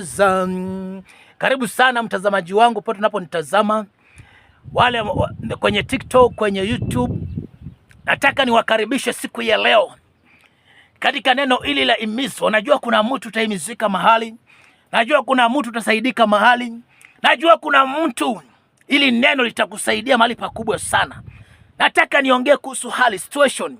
za karibu sana mtazamaji wangu pote unaponitazama, wale kwenye TikTok, kwenye YouTube, nataka niwakaribishe siku ya leo katika neno hili la imizo. Najua kuna mtu utahimizika mahali, najua kuna mtu utasaidika mahali, najua kuna mtu ili neno litakusaidia mahali pakubwa sana. Nataka niongee kuhusu hali situation.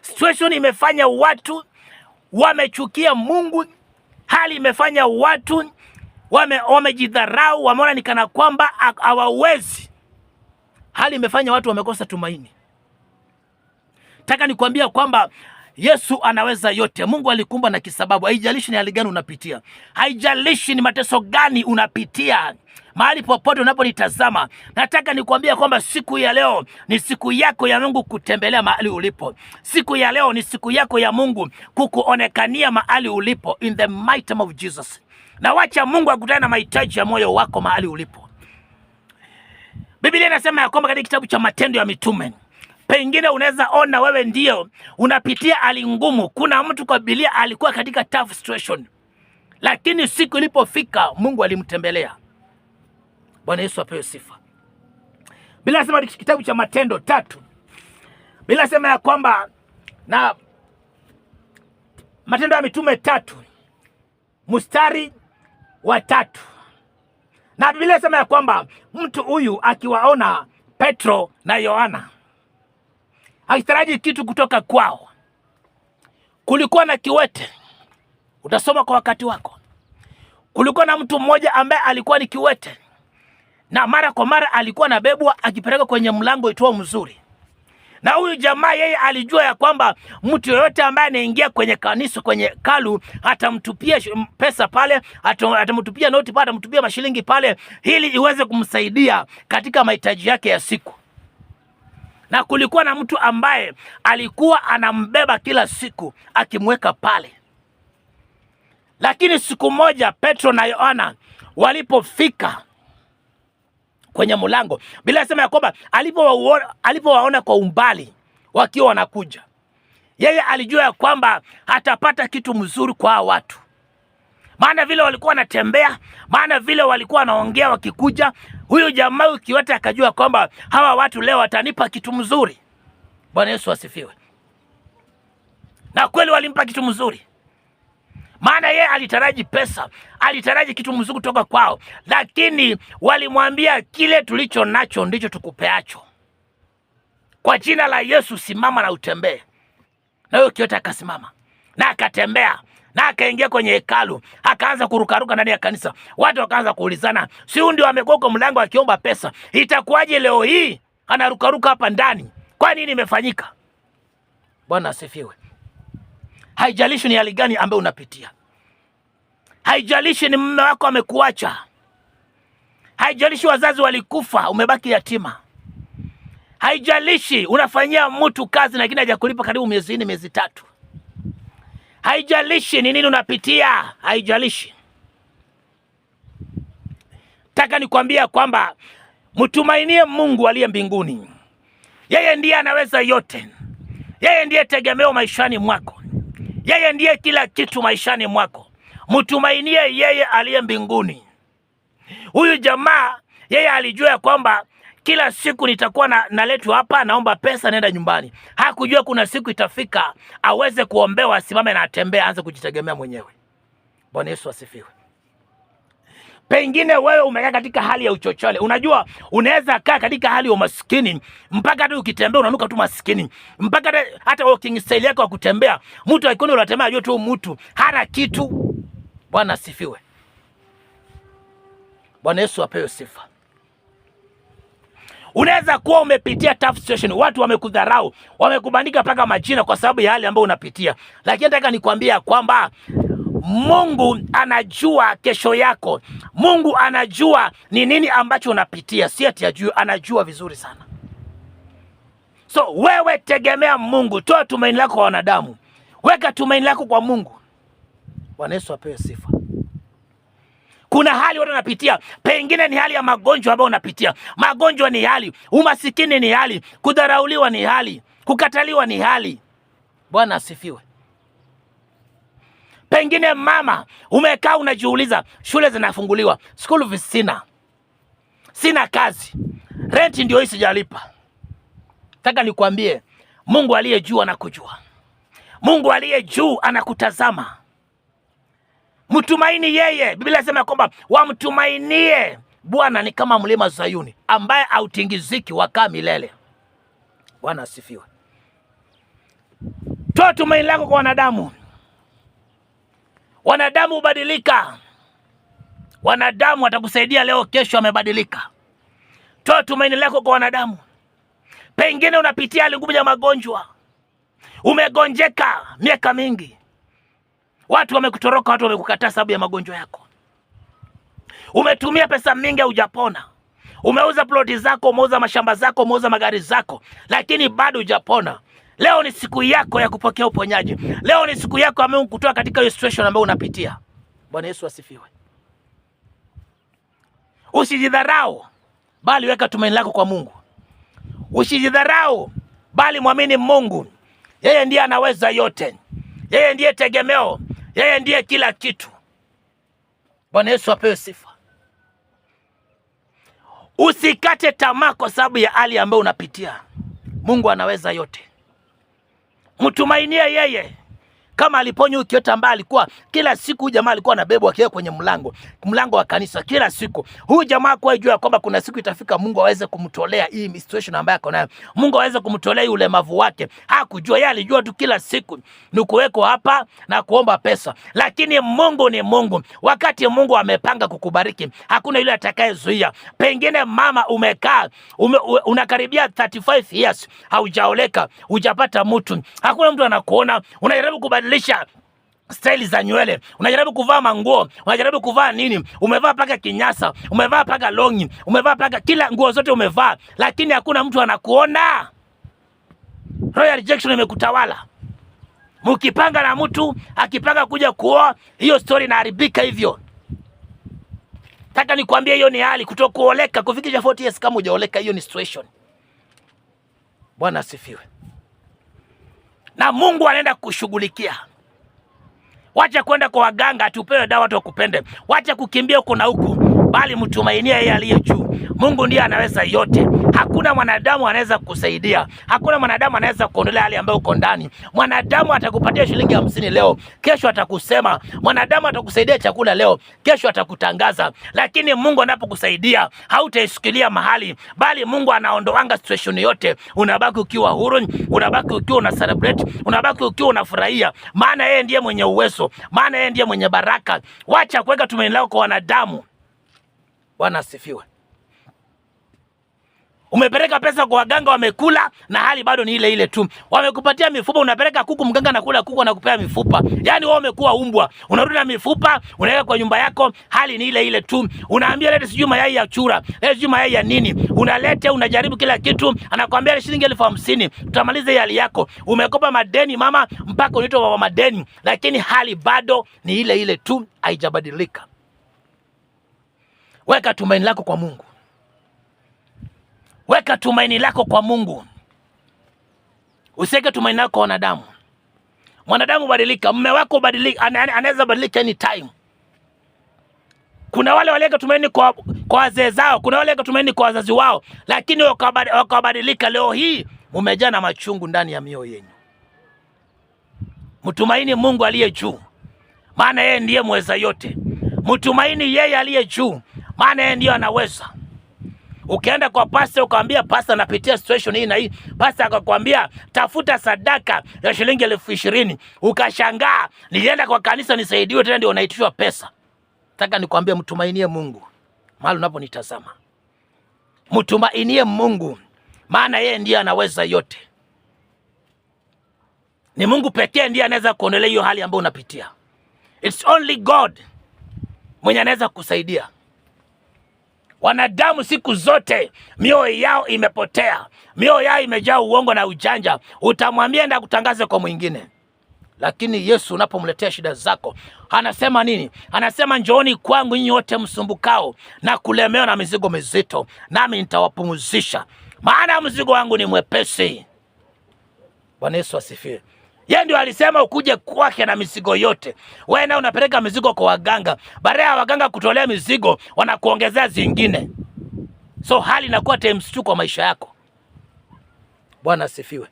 Situation imefanya watu wamechukia Mungu Hali imefanya watu wamejidharau, wame wameona ni kana kwamba hawawezi. Hali imefanya watu wamekosa tumaini. Taka nikwambia kwamba Yesu anaweza yote. Mungu alikumba na kisababu. Haijalishi ni hali gani unapitia, haijalishi ni mateso gani unapitia mahali popote unaponitazama, nataka nikuambia kwamba siku ya leo ni siku yako ya Mungu kutembelea mahali ulipo. Siku ya leo ni siku yako ya Mungu kukuonekania mahali ulipo, in the might of Jesus. Na wacha Mungu akutane na mahitaji ya moyo wako mahali ulipo. Biblia inasema ya kwamba katika kitabu cha Matendo ya Mitume Pengine unaweza ona wewe ndio unapitia hali ngumu. Kuna mtu kwa Biblia alikuwa katika tough situation, lakini siku ilipofika Mungu alimtembelea. Bwana Yesu apewe sifa. bila sema kitabu cha Matendo tatu, bila sema ya kwamba na Matendo ya Mitume tatu mstari wa tatu na Biblia inasema ya kwamba mtu huyu akiwaona Petro na Yohana haitaraji kitu kutoka kwao. Kulikuwa na kiwete, utasoma kwa wakati wako. Kulikuwa na mtu mmoja ambaye alikuwa ni kiwete, na mara kwa mara alikuwa na bebwa akipelekwa kwenye mlango itwao mzuri. Na huyu jamaa yeye alijua ya kwamba mtu yoyote ambaye anaingia kwenye kanisa, kwenye kalu, atamtupia pesa pale, atamtupia noti pale, atamtupia mashilingi pale, ili iweze kumsaidia katika mahitaji yake ya siku na kulikuwa na mtu ambaye alikuwa anambeba kila siku akimweka pale. Lakini siku moja Petro na Yohana walipofika kwenye mlango, bila sema ya kwamba alipowaona kwa umbali wakiwa wanakuja, yeye alijua ya kwamba hatapata kitu mzuri kwa hao watu maana vile walikuwa wanatembea, maana vile walikuwa wanaongea wakikuja, Huyu jamaa ukiwata akajua kwamba hawa watu leo watanipa kitu mzuri. Bwana Yesu asifiwe. Na kweli walimpa kitu mzuri, maana yeye alitaraji pesa, alitaraji kitu mzuri kutoka kwao, lakini walimwambia kile tulicho nacho ndicho tukupeacho. Kwa jina la Yesu, simama na utembee. Na huyo kiota akasimama na akatembea na akaingia kwenye hekalu akaanza kurukaruka ndani ya kanisa. Watu wakaanza kuulizana, si huyu ndio amekuwa kwa mlango akiomba pesa? Itakuwaje leo hii anarukaruka hapa ndani? Kwa nini imefanyika? Bwana asifiwe. Haijalishi ni hali gani ambayo unapitia, haijalishi ni mume wako amekuacha, haijalishi wazazi walikufa, umebaki yatima, haijalishi unafanyia mtu kazi lakini hajakulipa karibu miezi nne, miezi tatu haijalishi ni nini unapitia, haijalishi. taka nikwambia kwamba mtumainie Mungu aliye mbinguni. Yeye ndiye anaweza yote, yeye ndiye tegemeo maishani mwako, yeye ndiye kila kitu maishani mwako. Mtumainie yeye aliye mbinguni. Huyu jamaa yeye alijua ya kwamba kila siku nitakuwa na, naletwa hapa, naomba pesa, naenda nyumbani. Hakujua kuna siku itafika aweze kuombewa, asimame na atembee, aanze kujitegemea mwenyewe. Bwana Yesu asifiwe. Pengine wewe umekaa katika hali ya uchochole. Unajua, unaweza kaa katika hali ya umaskini mpaka hata ukitembea unanuka tu maskini, mpaka hata walking style yako ya kutembea, mtu akiona unatembea ajue tu mtu hana kitu. Bwana asifiwe. Bwana Yesu apewe sifa. Unaweza kuwa umepitia tough situation, watu wamekudharau, wamekubandika mpaka majina kwa sababu ya hali ambayo unapitia, lakini nataka nikwambia kwamba Mungu anajua kesho yako. Mungu anajua ni nini ambacho unapitia, si ati ajui, anajua vizuri sana. So wewe tegemea Mungu, toa tumaini lako kwa wanadamu, weka tumaini lako kwa Mungu. Bwana Yesu apewe sifa kuna hali watu wanapitia, pengine ni hali ya magonjwa ambayo unapitia. Magonjwa ni hali, umasikini ni hali, kudharauliwa ni hali, kukataliwa ni hali. Bwana asifiwe. Pengine mama, umekaa unajiuliza, shule zinafunguliwa, school fees sina, sina kazi, renti ndio hii sijalipa. Nataka nikuambie Mungu aliye juu anakujua. Mungu aliye juu anakutazama mtumaini yeye. Biblia inasema kwamba wamtumainie Bwana ni kama mlima Zayuni ambaye hautingiziki, wakaa milele. Bwana asifiwe. Toa tumaini lako kwa wanadamu. Wanadamu hubadilika, wanadamu watakusaidia leo, kesho amebadilika. Toa tumaini lako kwa wanadamu. Pengine unapitia hali ngumu ya magonjwa, umegonjeka miaka mingi, Watu wamekutoroka, watu wamekukataa sababu ya magonjwa yako. Umetumia pesa mingi, hujapona. Umeuza ploti zako, umeuza mashamba zako, umeuza magari zako, lakini bado hujapona. Leo ni siku yako ya kupokea uponyaji. Leo ni siku yako ambayo kutoa katika hiyo situation ambayo unapitia. Bwana Yesu asifiwe. Usijidharau, bali weka tumaini lako kwa Mungu. Usijidharau, bali mwamini Mungu. Yeye ndiye anaweza yote. Yeye ndiye tegemeo. Yeye ndiye kila kitu. Bwana Yesu apewe sifa. Usikate tamaa kwa sababu ya hali ambayo unapitia. Mungu anaweza yote, mtumainie yeye kama aliponya huyu kiwete ambaye alikuwa kila siku huyu jamaa alikuwa anabebwa akiwa kwenye mlango mlango wa kanisa kila siku. Huyu jamaa kwa jua kwamba kuna siku itafika Mungu aweze kumtolea hii situation ambayo ako nayo, Mungu aweze kumtolea yule ulemavu wake. Hakujua yeye, alijua tu kila siku ni kuweko hapa na kuomba pesa, lakini Mungu ni Mungu. Wakati Mungu amepanga kukubariki, hakuna yule atakayezuia. Pengine mama, umekaa ume, unakaribia 35 years haujaoleka, hujapata mtu, hakuna mtu anakuona, unajaribu kubadilika kubadilisha staili za nywele, unajaribu kuvaa manguo, unajaribu kuvaa nini, umevaa paka kinyasa, umevaa paka longi, umevaa paka kila nguo zote umevaa, lakini hakuna mtu anakuona. Royal rejection imekutawala. Mukipanga na mtu akipanga kuja kuoa, hiyo story inaharibika hivyo. Taka nikwambie, hiyo ni hali kutokuoleka, kufikisha 40 years kama hujaoleka, hiyo ni situation. Bwana asifiwe na Mungu anaenda kushughulikia. Wacha kwenda kwa waganga tupewe dawa tukupende, wacha kukimbia huko na huku bali mtumainie yeye aliye juu. Mungu ndiye anaweza yote. Hakuna mwanadamu anaweza kusaidia, hakuna mwanadamu anaweza kuondolea hali ambayo uko ndani. Mwanadamu atakupatia shilingi hamsini leo, kesho atakusema. Mwanadamu atakusaidia chakula leo, kesho atakutangaza. Lakini Mungu anapokusaidia hautaishikilia mahali, bali Mungu anaondoanga situation yote. Unabaki ukiwa huru, unabaki ukiwa una celebrate, unabaki ukiwa unafurahia, maana yeye ndiye mwenye uwezo, maana yeye ndiye mwenye baraka. Wacha kuweka tumaini lako kwa wanadamu. Bwana asifiwe. Umepeleka pesa kwa waganga, wamekula na hali bado ni ile ile tu. Wamekupatia mifupa, unapeleka kuku, mganga anakula kuku, anakupea mifupa. Yani wewe umekuwa umbwa, unarudi na mifupa, unaweka kwa nyumba yako, hali ni ile ile tu. Unaambia lete sijui mayai ya chura, lete sijui mayai ya nini, unalete, unajaribu kila kitu, anakuambia shilingi elfu hamsini tutamaliza hali yako. Umekopa madeni mama, mpaka unaitwa baba madeni, lakini hali bado ni ile ile tu, haijabadilika. Weka tumaini lako kwa Mungu. Weka tumaini lako kwa Mungu, usiweke tumaini lako kwa wanadamu. Mwanadamu badilika, mme wako badilika, anaweza badilika any time. Kuna wale waliweka tumaini kwa, kwa wazee zao, kuna wale waliweka tumaini kwa wazazi wao, lakini wakabadilika. Leo hii mumejaa na machungu ndani ya mioyo yenu. Mtumaini Mungu aliye juu, maana yeye ndiye mweza yote. Mtumaini yeye aliye juu, maana yeye ndiyo anaweza Ukienda kwa pasta ukamwambia pasta, napitia situation hii na hii, pasta akakwambia tafuta sadaka ya shilingi elfu ishirini ukashangaa, nilienda kwa kanisa nisaidiwe, tena ndio unaitishwa pesa. Nataka nikwambie, mtumainie Mungu mahali unaponitazama, mtumainie Mungu, maana yeye ndiye anaweza yote. Ni Mungu pekee ndiye anaweza kuondolea hiyo hali ambayo unapitia. It's only God mwenye anaweza kusaidia. Wanadamu siku zote mioyo yao imepotea, mioyo yao imejaa uongo na ujanja. Utamwambia enda kutangaze kwa mwingine, lakini Yesu unapomletea shida zako anasema nini? Anasema, njooni kwangu nyinyi wote msumbukao na kulemewa na mizigo mizito, nami nitawapumzisha, maana mzigo wangu ni mwepesi. Bwana Yesu asifiwe. Ye ndio alisema ukuje kwake na mizigo yote. Wewe na unapeleka mizigo kwa waganga, baada ya waganga kutolea mizigo wanakuongezea zingine, so hali inakuwa times two kwa maisha yako. Bwana asifiwe.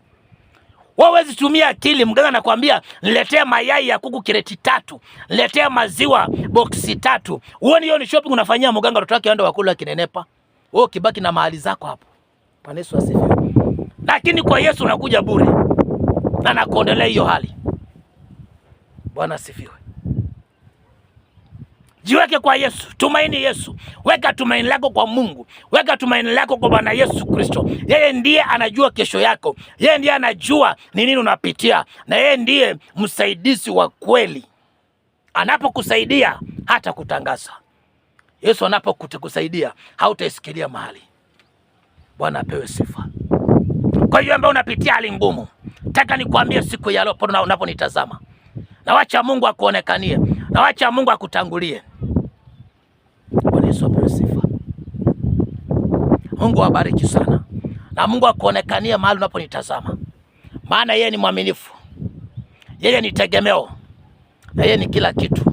Wewe huwezi tumia akili. Mganga anakuambia niletee mayai ya kuku kireti tatu, niletee maziwa boksi tatu. Uone hiyo ni shopping unafanyia mganga, watoto wake ndo wakula kinenepa, wewe ukibaki na mahali zako hapo. Bwana Yesu asifiwe. Lakini kwa Yesu unakuja bure na nakuondolea hiyo hali. Bwana asifiwe. Jiweke kwa Yesu, tumaini Yesu, weka tumaini lako kwa Mungu, weka tumaini lako kwa Bwana Yesu Kristo. Yeye ndiye anajua kesho yako, yeye ndiye anajua ni nini unapitia, na yeye ndiye msaidizi wa kweli. Anapokusaidia hata kutangaza Yesu anapokusaidia, hautaisikilia mahali. Bwana apewe sifa. Kwa hiyo ambaye unapitia hali ngumu, nataka nikwambie siku ya leo unaponitazama, na wacha Mungu akuonekanie, na wacha Mungu akutangulie. Bwana Yesu apewe sifa. Mungu awabariki sana, na Mungu akuonekanie mahali unaponitazama, maana yeye ni mwaminifu, yeye ni tegemeo, na yeye ni kila kitu.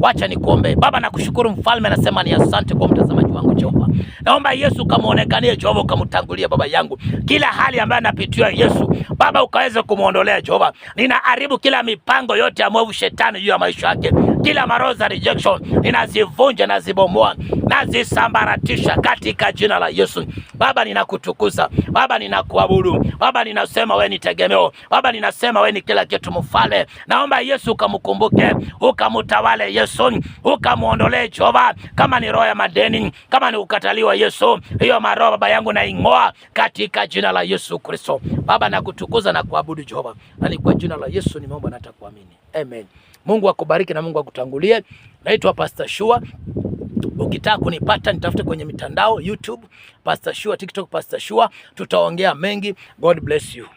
Wacha nikuombe. Baba, nakushukuru mfalme, nasema ni asante kwa mtazamaji wangu Jehova. Naomba Yesu ukamwonekanie Jehova, ukamtangulie baba yangu kila hali ambayo anapitia Yesu Baba, ukaweze kumwondolea Jehova. Ninaharibu kila mipango yote ya mwovu shetani juu ya maisha yake kila maroza rejection ninazivunja, na zisambaratisha katika jina la Yesu. Baba, ninakutukuza Baba, ninakuabudu Baba, ninasema wewe ni tegemeo Baba, ninasema wewe ni kila kitu mfale. Naomba Yesu ukamkumbuke, ukamtawale Yesu, ukamuondolee Jehova, kama ni roho ya madeni, kama ni ukataliwa Yesu, hiyo maroho baba yangu naing'oa katika jina la Yesu Kristo. Baba, nakutukuza na kuabudu Jehova, na ni kwa jina la Yesu nimeomba na nitakuamini. Amen. Mungu akubariki na Mungu akutangulie. Naitwa Pastor Shua. Ukitaka kunipata nitafute kwenye mitandao YouTube, Pastor Shua, TikTok Pastor Shua. Tutaongea mengi. God bless you.